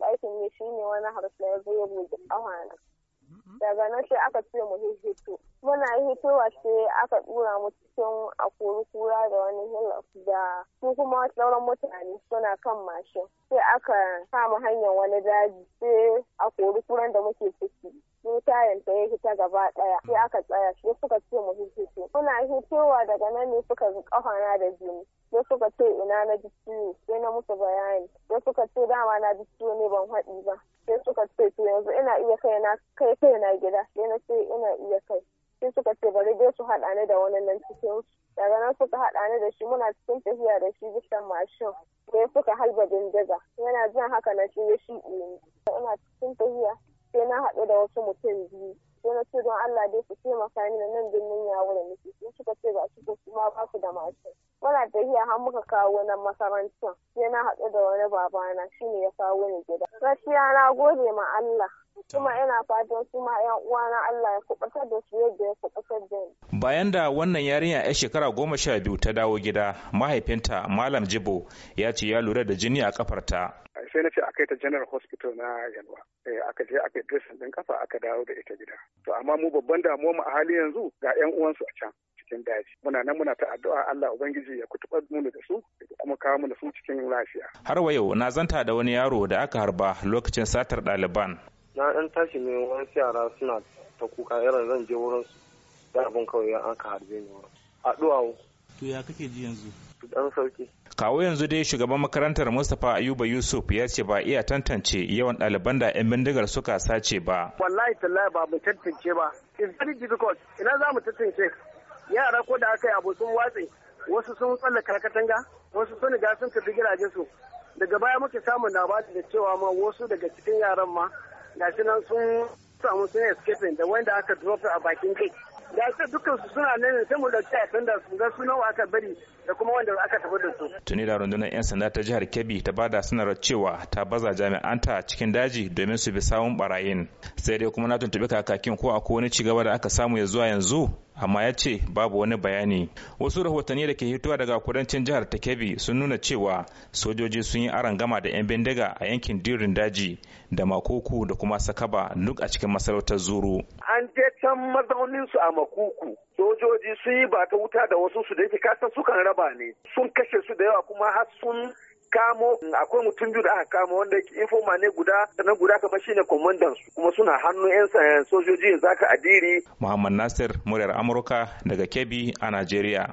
ɗakin ne shi ne wani harsa ya zo ya bugi ƙahana mm-hmm. daga nan sai aka ce mu hito muna hitowa sai aka ɗura mu cikin akori kura da wani hillock da su kuma sauran mutane suna kan mashin sai aka kama hanyar wani daji sai a kori kuran da muke ciki sai tayan ta ya ta gaba daya sai aka tsaya sai suka ce mu hito muna hitowa daga nan ne suka ji kafana da jini sai suka ce ina na ji ciwo sai na musu bayani sai suka ce dama na ji ciwo ne ban haɗi ba sai suka ce to yanzu ina iya kai na kai kai na gida sai na ce ina iya kai sai suka ce bari dai su haɗa ni da wani nan cikin su daga nan suka haɗa ni da shi muna cikin tafiya da shi bisan mashin sai suka halba bindiga yana jin haka na ce ya shi ne ina cikin tafiya sai na haɗu da wasu mutum biyu sai na ce don Allah dai su taimaka mini nan birnin ya wurin nake sai suka ce ba su kuma ba mashin muna tafiya har muka kawo wani makarantar sai na haɗu da wani babana shine ya kawo ni gida gaskiya na gode ma Allah kuma ina fatan su ma yan uwana Allah ya kubutar da su yadda ya kubutar da ni. Bayan da wannan yarinya ya shekara goma sha biyu ta dawo gida mahaifinta Malam Jibo ya ce ya lura da jini a kafarta. Sai na ce a kai ta General Hospital na Yalwa. Eh, aka je aka dressing din kafa aka dawo da ita gida. To amma mu babban damuwa mu a hali yanzu ga yan uwansu a can. cikin daji muna nan muna ta addu'a Allah ubangiji ya kutubar mu da su da kuma kawo mu da su cikin lafiya har wa yau na zanta da wani yaro da aka harba lokacin satar ɗaliban na ɗan tashi ne wani yara suna ta kuka irin zan je wurin su da abin kawai an ka harbe ni addu'a to ya kake ji yanzu dan sauki kawo yanzu dai shugaban makarantar mustapha ayuba yusuf ya ce ba iya tantance yawan ɗaliban da 'yan bindigar suka sace ba wallahi tallahi ba mu tantance ba it's very difficult ina za mu tantance yara ko da aka yi abu sun watse wasu sun tsallaka katanga wasu sun riga sun tafi su daga baya muke samun labari da cewa ma wasu daga cikin yaran ma shi nan sun samu sun escaping da wanda aka drop a bakin kai da shi dukkan su suna nan sai mu dauki a tunda su ga sunan aka bari da kuma wanda aka tafi da su tuni da rundunar yan sanda ta jihar Kebbi ta bada sanarwar cewa ta baza jami'anta cikin daji domin su bi sawun barayin sai dai kuma na tuntube kakakin ko akwai wani cigaba da aka samu ya zuwa yanzu amma ya ce babu wani bayani wasu rahotanni da ke hituwa daga kudancin jihar ta sun nuna cewa sojoji sun yi gama da 'yan bindiga a yankin dirin daji da makuku da kuma sakaba duk a cikin masarautar zuru an je can mazaunin su a makuku sojoji sun yi ba ta wuta da wasu su da yake kasan sukan raba ne sun kashe su da yawa kuma har sun kamo akwai mutum biyu da aka kamo wanda yake informa ne guda sannan guda kamar shine kwamandan su kuma suna hannun yan sojoji zaka adiri muhammad nasir muryar amurka daga kebbi a najeriya